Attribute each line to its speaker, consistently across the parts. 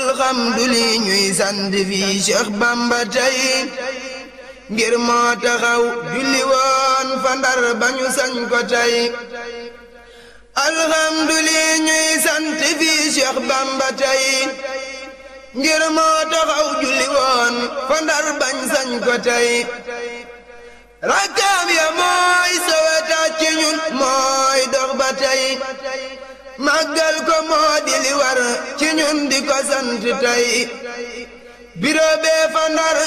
Speaker 1: alxamdu li ñuy sant fii Cheikh Bamba ngir moo taxaw julli woon fa Ndar ba sañ ko tey alxamdu li fii Cheikh Bamba ngir moo taxaw julli woon fa Ndar bañ sañ ko rakkaam ya mooy sawata ci ñun mooy dox ba màggal ko moo di li war ci ñun di ko sant tey biro fa ndar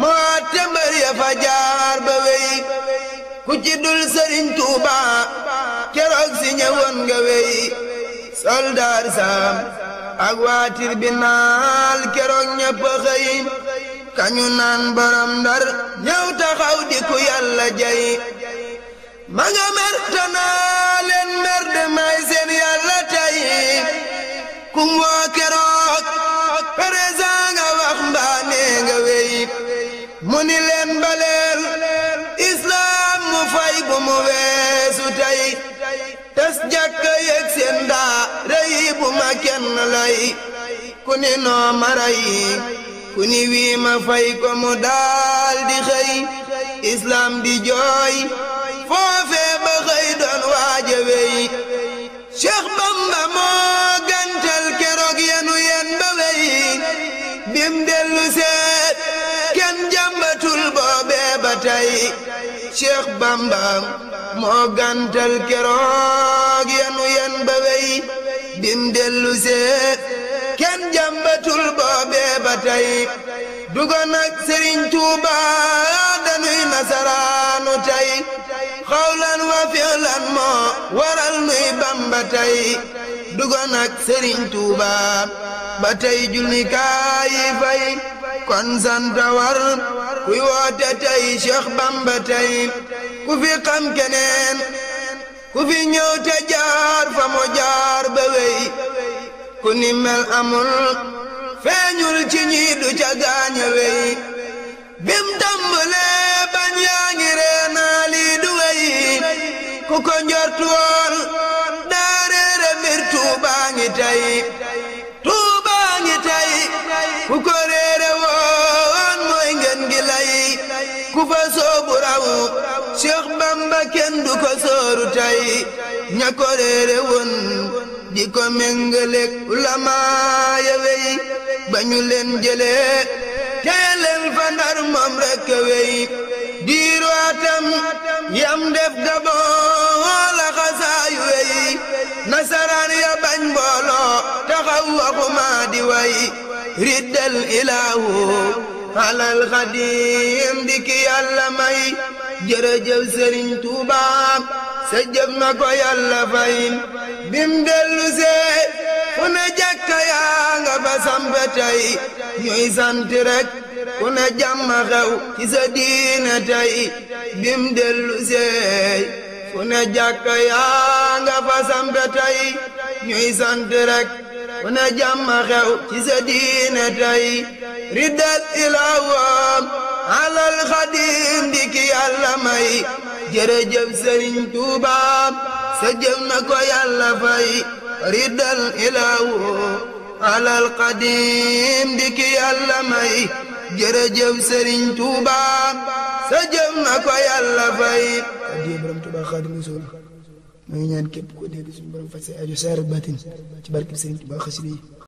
Speaker 1: moo te mbër ya fa jaar ba wey
Speaker 2: ku ci dul sëriñ Tuuba
Speaker 1: keroog si ñëwoon nga wey soldaar saam ak waatir bi naal keroog ñëpp xëy kañu naan borom ndar ñëw taxaw di ku yàlla jey ma mer tanaal moom keroog président nga wax mbaa nga wéy mu ni leen baleel islaam mu fay bu mu weesu tey tas jàkka yeeg seen daa rëy ma kenn lay ku ni noo maray ku ni wii ma fay ko mu daal di islaam di jooy foofee ba xëy doon waaja wéy ba tey Cheikh Bamba moo gàntal keroog yanu ba wey bim dellu see kenn jàmbatul boobee ba tey dugoon ak Serigne Touba danuy nasaraanu tey xawlan wa fi'lan moo waral nuy Bamba tey dugoon ak Serigne Touba ba tey julli kaay fay kon sant war kuy woote tey Cheikh ku fi xam keneen ku fi ñëw fa mu jaar ba wey ku ni amul feeñul ci ñi ca gaañ wey bim tàmbalee bañ yaa ree naa wey ku ko njort woon daa réere mbir tey tuubaa tey ku ko ree raw Cheikh Bamba kenn du ko sóoru tey ña ko di ko méngaleeg ulama wey ba ñu leen jëlee teye leen fa ndar moom a wey yam def gaboo xasaayu wey nasaraan ya bañ mbooloo taxaw waxuma di way riddal ilaahu alal xadim di ki yàlla jërëjëf sëriñ Tuuba sa jëf na ko yàlla fayin bim dellu see ku ne jàkka yaa nga fa sampe tey ñuy sant rek ku ne jàmm xew ci sa diine tey bim dellu see ku ne jàkka yaa nga fa sampe tey ñuy sant rek ku ne jàmm xew ci sa diine tey riddal ilaawaam alal xadim di ki yàlla may jërëjëf sëriñ Tuuba sa jëf ko yàlla riddal ilaahu alal xadim di ki yàlla may jërëjëf sëriñ Tuuba sa jëf ko yàlla fay addi borom Tuuba Xaadimu ñaan képp ko dégg suñu borom faj sa aju ci barkeb sëriñ Tuuba xasida